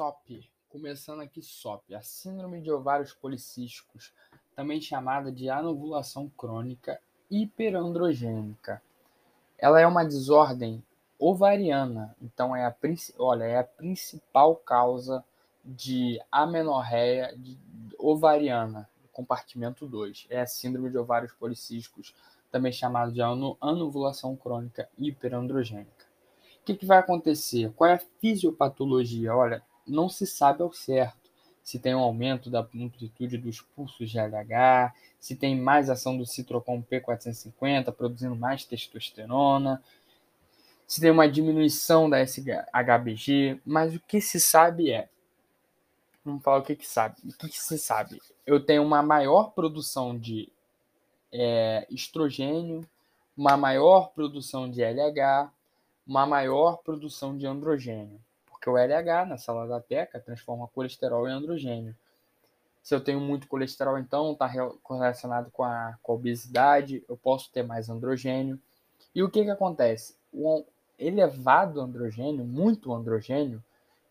SOP. Começando aqui, SOP, a síndrome de ovários policísticos, também chamada de anovulação crônica hiperandrogênica. Ela é uma desordem ovariana, então é a, olha, é a principal causa de amenorreia ovariana, compartimento 2. É a síndrome de ovários policísticos, também chamada de anovulação crônica hiperandrogênica. O que, que vai acontecer? Qual é a fisiopatologia? Olha, não se sabe ao certo se tem um aumento da amplitude dos pulsos de LH se tem mais ação do citrocom P450 produzindo mais testosterona, se tem uma diminuição da SHBG, mas o que se sabe é Vamos falar o que, que sabe. O que, que se sabe? Eu tenho uma maior produção de é, estrogênio, uma maior produção de LH, uma maior produção de androgênio porque o LH na sala da teca transforma colesterol em androgênio. Se eu tenho muito colesterol, então está relacionado com a, com a obesidade, eu posso ter mais androgênio. E o que, que acontece? O elevado androgênio, muito androgênio,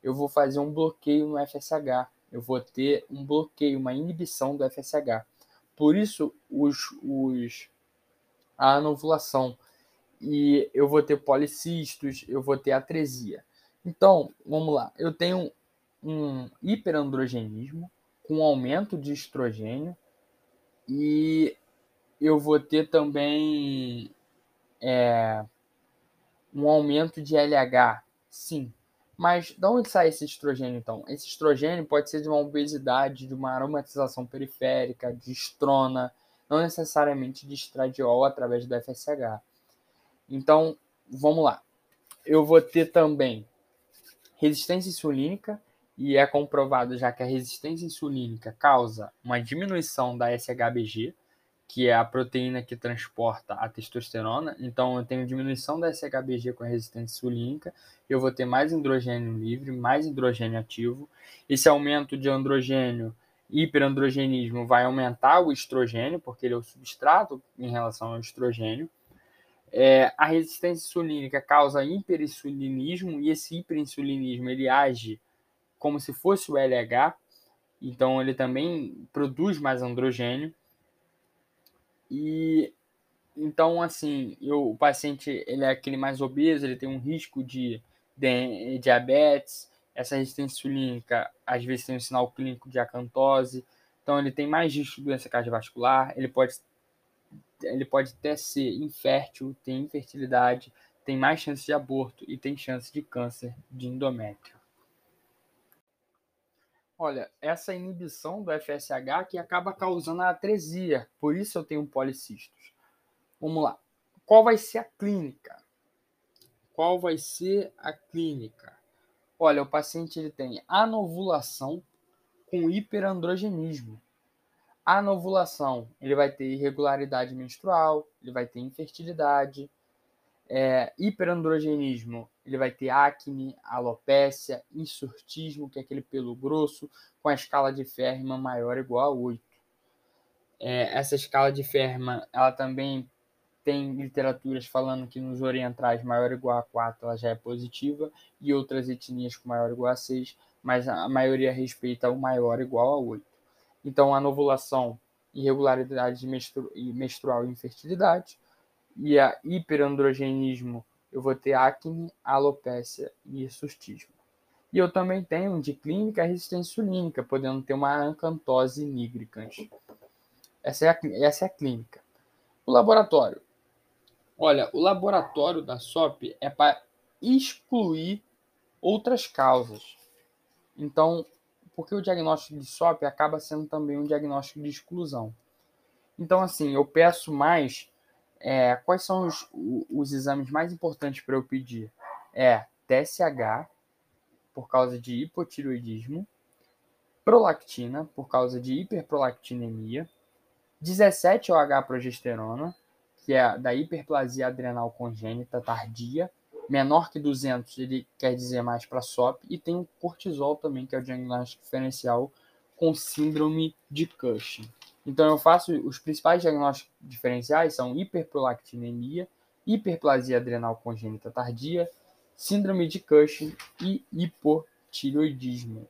eu vou fazer um bloqueio no FSH. Eu vou ter um bloqueio, uma inibição do FSH. Por isso, os, os, a anovulação. E eu vou ter policistos, eu vou ter atresia. Então, vamos lá. Eu tenho um hiperandrogenismo com aumento de estrogênio e eu vou ter também é, um aumento de LH, sim. Mas de onde sai esse estrogênio então? Esse estrogênio pode ser de uma obesidade, de uma aromatização periférica, de estrona, não necessariamente de estradiol através do FSH. Então, vamos lá. Eu vou ter também resistência insulínica, e é comprovado já que a resistência insulínica causa uma diminuição da SHBG, que é a proteína que transporta a testosterona. Então, eu tenho diminuição da SHBG com a resistência insulínica, eu vou ter mais androgênio livre, mais androgênio ativo. Esse aumento de androgênio, hiperandrogenismo, vai aumentar o estrogênio, porque ele é o substrato em relação ao estrogênio. É, a resistência insulínica causa hiperinsulinismo e esse hiperinsulinismo ele age como se fosse o LH, então ele também produz mais androgênio. E então assim, eu, o paciente ele é aquele mais obeso, ele tem um risco de, de, de diabetes, essa resistência insulínica às vezes tem um sinal clínico de acantose, então ele tem mais risco de doença cardiovascular, ele pode ele pode até ser infértil, tem infertilidade, tem mais chance de aborto e tem chance de câncer de endométrio. Olha, essa inibição do FSH que acaba causando a atresia, por isso eu tenho policistos. Vamos lá. Qual vai ser a clínica? Qual vai ser a clínica? Olha, o paciente ele tem anovulação com hiperandrogenismo. A ele vai ter irregularidade menstrual, ele vai ter infertilidade, é, hiperandrogenismo, ele vai ter acne, alopécia, insurtismo, que é aquele pelo grosso, com a escala de Ferma maior ou igual a 8. É, essa escala de Ferma, ela também tem literaturas falando que nos orientais maior ou igual a 4 ela já é positiva, e outras etnias com maior ou igual a 6, mas a maioria respeita o maior ou igual a 8. Então, a anovulação, irregularidade menstru menstrual e infertilidade. E a hiperandrogenismo, eu vou ter acne, alopecia e sustismo. E eu também tenho de clínica resistência insulínica, podendo ter uma ancantose nigricans. Essa é, a, essa é a clínica. O laboratório. Olha, o laboratório da SOP é para excluir outras causas. Então, porque o diagnóstico de SOP acaba sendo também um diagnóstico de exclusão. Então, assim, eu peço mais. É, quais são os, os exames mais importantes para eu pedir? É TSH, por causa de hipotiroidismo, prolactina, por causa de hiperprolactinemia, 17-OH progesterona, que é da hiperplasia adrenal congênita tardia, menor que 200, ele quer dizer mais para SOP, e tem o cortisol também, que é o diagnóstico diferencial com síndrome de Cushing. Então eu faço os principais diagnósticos diferenciais são hiperprolactinemia, hiperplasia adrenal congênita tardia, síndrome de Cushing e hipotiroidismo.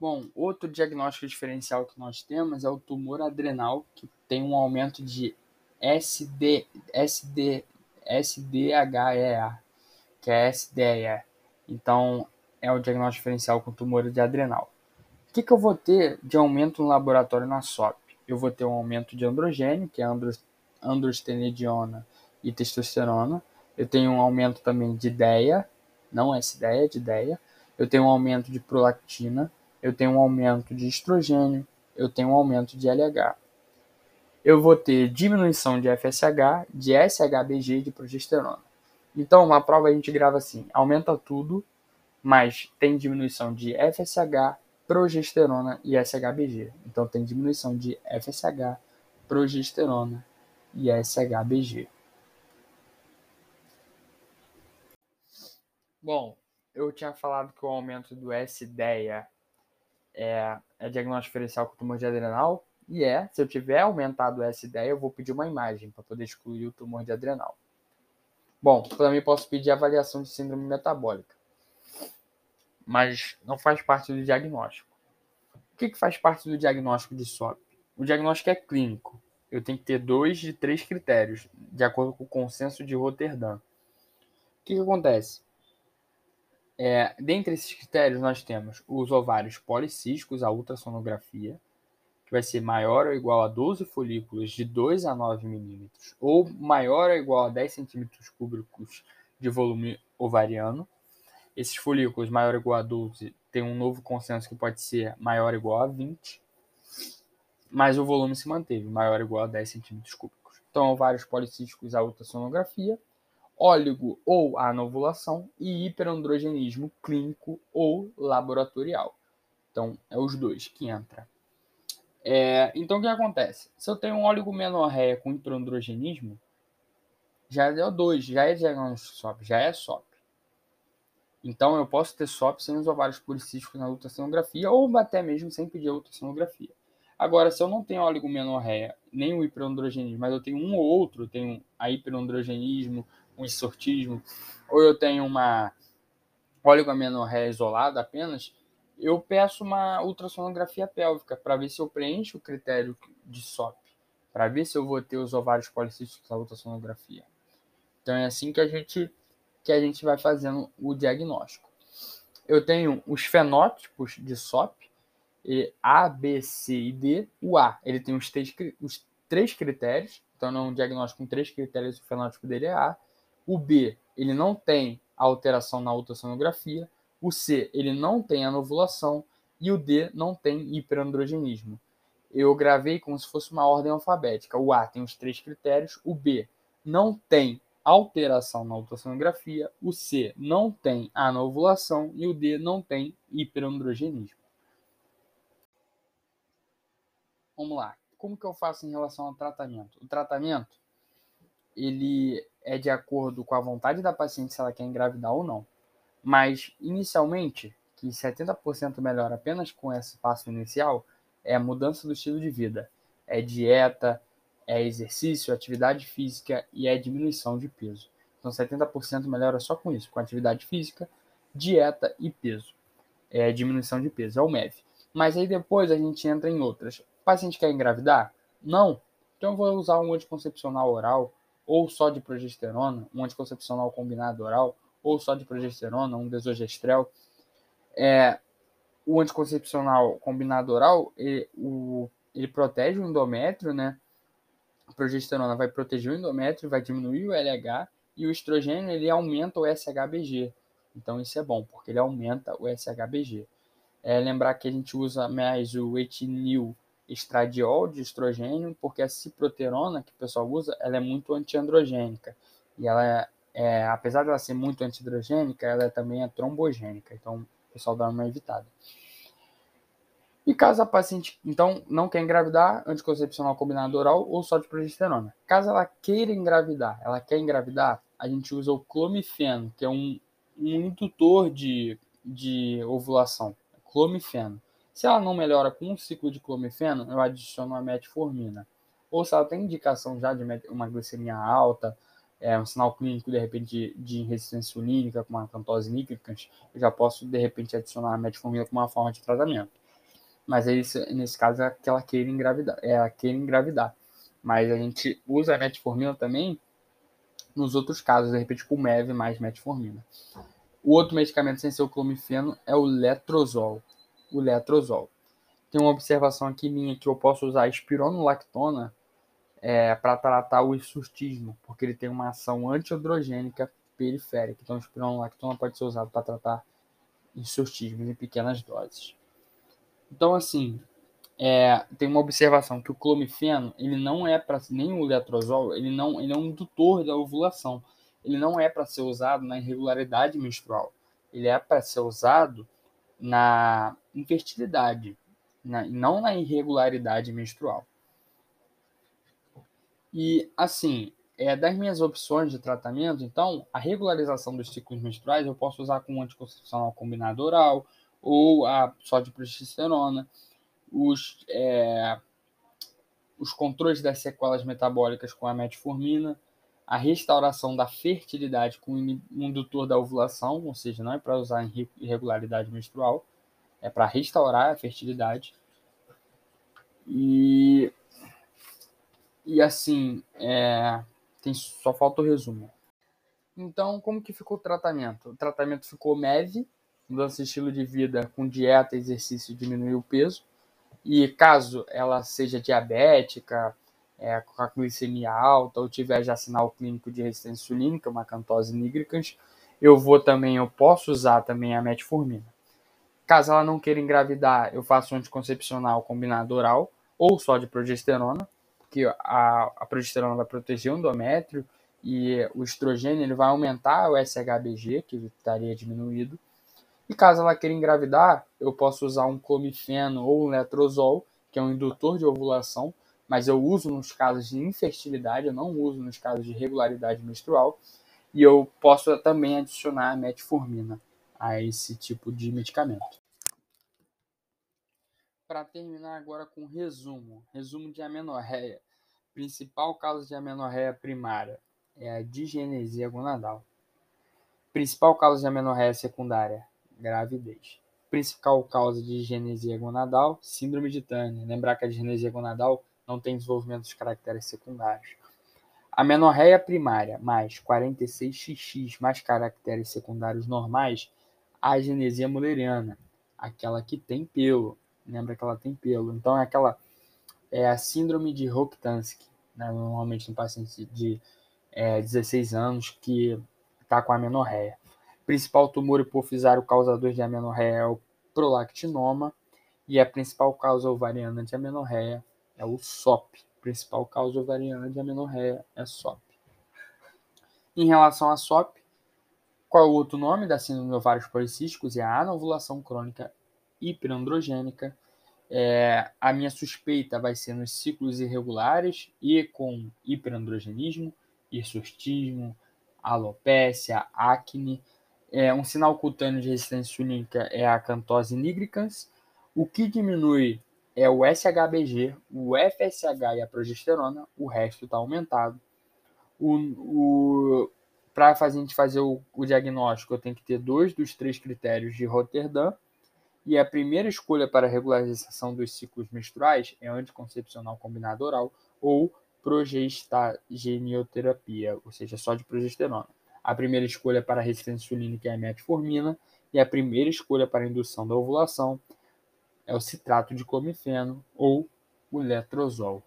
Bom, outro diagnóstico diferencial que nós temos é o tumor adrenal, que tem um aumento de SD, SD, SDHEA, que é SDEA. Então, é o diagnóstico diferencial com tumor de adrenal. O que, que eu vou ter de aumento no laboratório na SOP? Eu vou ter um aumento de androgênio, que é androstenediona e testosterona. Eu tenho um aumento também de DEA, não SDEA, de DEA. Eu tenho um aumento de prolactina. Eu tenho um aumento de estrogênio. Eu tenho um aumento de LH eu vou ter diminuição de FSH, de SHBG, de progesterona. Então, uma prova a gente grava assim: aumenta tudo, mas tem diminuição de FSH, progesterona e SHBG. Então, tem diminuição de FSH, progesterona e SHBG. Bom, eu tinha falado que o aumento do SDEA é, é diagnóstico diferencial com tumor de adrenal e é, se eu tiver aumentado essa ideia, eu vou pedir uma imagem para poder excluir o tumor de adrenal. Bom, também posso pedir avaliação de síndrome metabólica, mas não faz parte do diagnóstico. O que, que faz parte do diagnóstico de SOP? O diagnóstico é clínico. Eu tenho que ter dois de três critérios, de acordo com o consenso de Roterdã. O que, que acontece? É, dentre esses critérios, nós temos os ovários policísticos, a ultrassonografia, vai ser maior ou igual a 12 folículos de 2 a 9 milímetros, ou maior ou igual a 10 centímetros cúbicos de volume ovariano. Esses folículos maior ou igual a 12 tem um novo consenso que pode ser maior ou igual a 20, mas o volume se manteve, maior ou igual a 10 centímetros cúbicos. Então, ovários policísticos à ultrassonografia, óligo ou à anovulação e hiperandrogenismo clínico ou laboratorial. Então, é os dois que entra. É, então, o que acontece? Se eu tenho um oligomenorreia com hiperandrogenismo, já é deu 2, já é diagnóstico SOP, já é SOP. Então, eu posso ter SOP sem os ovários policísticos na ultrassonografia ou até mesmo sem pedir a ultrassonografia. Agora, se eu não tenho oligomenorreia, nem o hiperandrogenismo, mas eu tenho um ou outro, eu tenho a hiperandrogenismo, um insortismo, ou eu tenho uma oligomenorreia isolada apenas, eu peço uma ultrassonografia pélvica para ver se eu preencho o critério de SOP, para ver se eu vou ter os ovários policísticos na ultrassonografia. Então é assim que a gente que a gente vai fazendo o diagnóstico. Eu tenho os fenótipos de SOP, A, B, C e D. O A, ele tem os três, os três critérios, então é um diagnóstico com três critérios, o fenótipo dele é A. O B, ele não tem alteração na ultrassonografia. O C, ele não tem anovulação e o D não tem hiperandrogenismo. Eu gravei como se fosse uma ordem alfabética. O A tem os três critérios, o B não tem alteração na ultrassonografia, o C não tem anovulação e o D não tem hiperandrogenismo. Vamos lá. Como que eu faço em relação ao tratamento? O tratamento ele é de acordo com a vontade da paciente se ela quer engravidar ou não. Mas, inicialmente, que 70% melhora apenas com esse passo inicial, é a mudança do estilo de vida. É dieta, é exercício, é atividade física e é diminuição de peso. Então, 70% melhora só com isso, com atividade física, dieta e peso. É diminuição de peso, é o MEV. Mas aí depois a gente entra em outras. O paciente quer engravidar? Não. Então, eu vou usar um anticoncepcional oral ou só de progesterona, um anticoncepcional combinado oral ou só de progesterona, um desogestrel. É, o anticoncepcional combinado oral, ele, o, ele protege o endométrio, né? A progesterona vai proteger o endométrio, vai diminuir o LH e o estrogênio ele aumenta o SHBG. Então isso é bom, porque ele aumenta o SHBG. É, lembrar que a gente usa mais o etinil estradiol de estrogênio, porque a ciproterona que o pessoal usa, ela é muito antiandrogênica e ela é é, apesar de ela ser muito antihidrogênica, ela é também é trombogênica, então o pessoal dá uma evitada. E caso a paciente, então, não quer engravidar, anticoncepcional combinado oral ou só de progesterona. Caso ela queira engravidar, ela quer engravidar, a gente usa o clomifeno, que é um, um indutor de, de ovulação. Clomifeno. Se ela não melhora com um ciclo de clomifeno, eu adiciono a metformina. Ou se ela tem indicação já de uma glicemia alta, é, um sinal clínico, de repente, de, de resistência insulínica, com uma cantose nítrica, eu já posso, de repente, adicionar a metformina como uma forma de tratamento. Mas aí, é nesse caso, é que ela queira engravidar. É ela engravidar. Mas a gente usa a metformina também nos outros casos, de repente, com MEV mais metformina. O outro medicamento sem ser o clomifeno é o letrozol. O letrozol. Tem uma observação aqui minha que eu posso usar a espironolactona é, para tratar o hirsutismo, porque ele tem uma ação antiandrogênica periférica. Então, o espironolactona pode ser usado para tratar hirsutismo em pequenas doses. Então, assim, é, tem uma observação que o clomifeno ele não é para nem o letrozol ele não ele é um indutor da ovulação ele não é para ser usado na irregularidade menstrual ele é para ser usado na infertilidade na, não na irregularidade menstrual e, assim, é, das minhas opções de tratamento, então, a regularização dos ciclos menstruais eu posso usar com anticoncepcional combinado oral ou a de progesterona, os, é, os controles das sequelas metabólicas com a metformina, a restauração da fertilidade com um indutor da ovulação, ou seja, não é para usar em irregularidade menstrual, é para restaurar a fertilidade. E e assim, é, tem, só falta o resumo. Então, como que ficou o tratamento? O tratamento ficou MEV, mudança de estilo de vida com dieta, exercício, diminuir o peso. E caso ela seja diabética, é, com a glicemia alta ou tiver já sinal clínico de resistência insulínica, uma cantose nigricans, eu vou também, eu posso usar também a metformina. Caso ela não queira engravidar, eu faço um anticoncepcional combinado oral ou só de progesterona porque a, a progesterona vai proteger o endométrio e o estrogênio ele vai aumentar o SHBG, que estaria diminuído. E caso ela queira engravidar, eu posso usar um clomifeno ou um letrozol, que é um indutor de ovulação, mas eu uso nos casos de infertilidade, eu não uso nos casos de regularidade menstrual. E eu posso também adicionar a metformina a esse tipo de medicamento para terminar agora com um resumo. Resumo de amenorreia. Principal causa de amenorreia primária é a digenesia gonadal. Principal causa de amenorreia secundária, gravidez. Principal causa de digenesia gonadal, síndrome de Turner. Lembrar que a digenesia gonadal não tem desenvolvimento dos caracteres secundários. Amenorreia primária mais 46XX mais caracteres secundários normais, a genesia mulleriana, aquela que tem pelo. Lembra que ela tem pelo. Então é aquela é a síndrome de Rokitansky, né? normalmente em paciente de é, 16 anos que está com amenorreia. principal tumor hipofisário causador de amenorreia é o prolactinoma e a principal causa ovariana de amenorreia é o SOP. principal causa ovariana de amenorreia é SOP. Em relação a SOP, qual é o outro nome da síndrome de ovários policísticos? É a anovulação crônica hiperandrogênica. É, a minha suspeita vai ser nos ciclos irregulares e com hiperandrogenismo, hirsutismo, alopécia, acne. É, um sinal cutâneo de resistência insulínica é a acantose nigricans. O que diminui é o SHBG, o FSH e a progesterona, o resto está aumentado. O, o Para a gente fazer o, o diagnóstico, eu tenho que ter dois dos três critérios de Rotterdam, e a primeira escolha para regularização dos ciclos menstruais é anticoncepcional combinado oral ou progestagenioterapia, ou seja, só de progesterona. A primeira escolha para resistência insulínica é a metformina e a primeira escolha para indução da ovulação é o citrato de comifeno ou o letrozol.